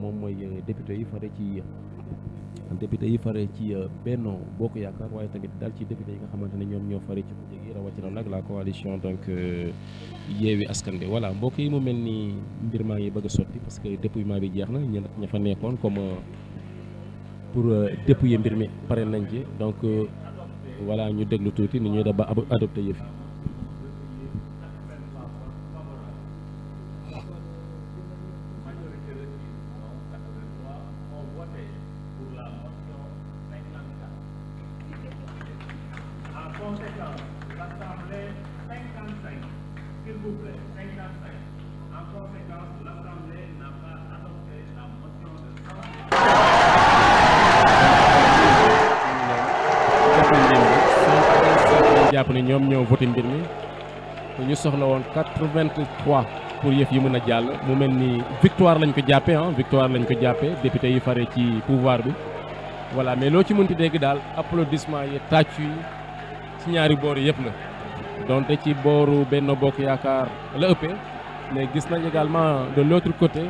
moom mooy euh, député yi fare ci euh, député yi fare ci euh, Benno Bokk Yaakaar waaye tamit daal ci député yi nga xamante ne ñoom ñoo fare ci kujje gi rawatina nag la coalition donc Yewwi Askan Wi voilà mbokk yi mu mel ni mbir maa ngi bëgg sotti parce que maa bi jeex na ña ña fa nekkoon comme pour yi mbir mi pare nañ ci donc voilà ñu déglu tuuti ni ñuy def ba adopté yëf yi jàpp ni ñoom ñoo voté mbir mi ñu soxla woon 83 pour yëf yi mën a jàll mu mel ni victoire lañ ko jàppee ah victoire lañ ko jàppee député yi fare ci pouvoir bi voilà mais loo ci mënti dégg daal applaudissement yi tàccu yi. ñaari boor yëpp la donte ci booru Benno Bokk Yaakaar la ëppee mais gis nañ également de l' autre côté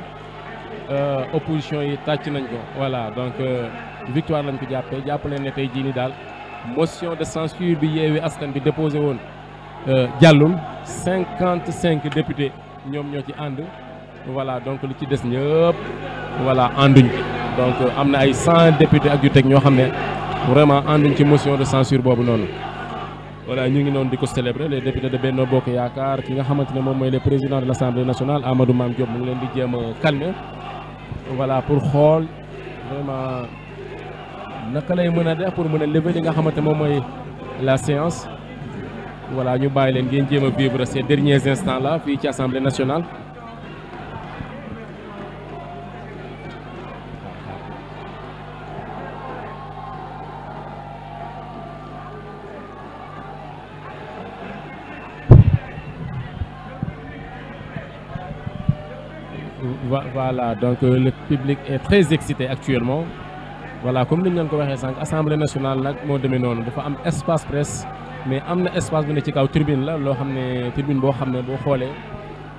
euh, opposition yi tàcc nañ ko voilà donc euh, victoire lañ ko jàppee jàppale ne tey jii nii daal motion de censure bi yeewi askan bi déposé woon euh, jàllul cinquante cinq députés ñoom ñoo ci ànd voilà donc lu ci des ñëpp voilà ànduñ donc am na ay cent députés ak yu teg ñoo xam ne vraiment ànduñ ci motion de censure boobu noonu voilà ñu ngi noonu di ko célébrer les députés de Benno Bokk Yaakaar ki nga xamante ne moom mooy le président de l' assemblée nationale Amadou Mame Diop mu ngi leen di jéem a calmer voilà pour xool vraiment naka lay mën a def pour mën a lever li nga xamante moom mooy la séance voilà ñu bàyyi leen ngeen jéem a vivre ces derniers instant la fii ci assemblée nationale. voilà donc euh, le public est très excité actuellement voilà comme ni ñu leen ko waxee sànq assemblée nationale nag moo demee noonu dafa am espace presse mais am na espace bu ne ci kaw tribune la loo xam ne tribune boo xam ne boo xoolee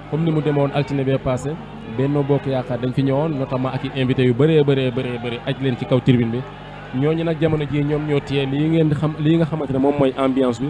comme ni mu demoon altine bee passé Benno Bokk Yaakaar dañ fi ñëwoon notamment ak invité yu bëree bëree bëree bëri aj leen ci kaw tribune bi ñooñu nag jamono jii ñoom ñoo téye lii ngeen xam lii nga xamante ne moom mooy ambiance bi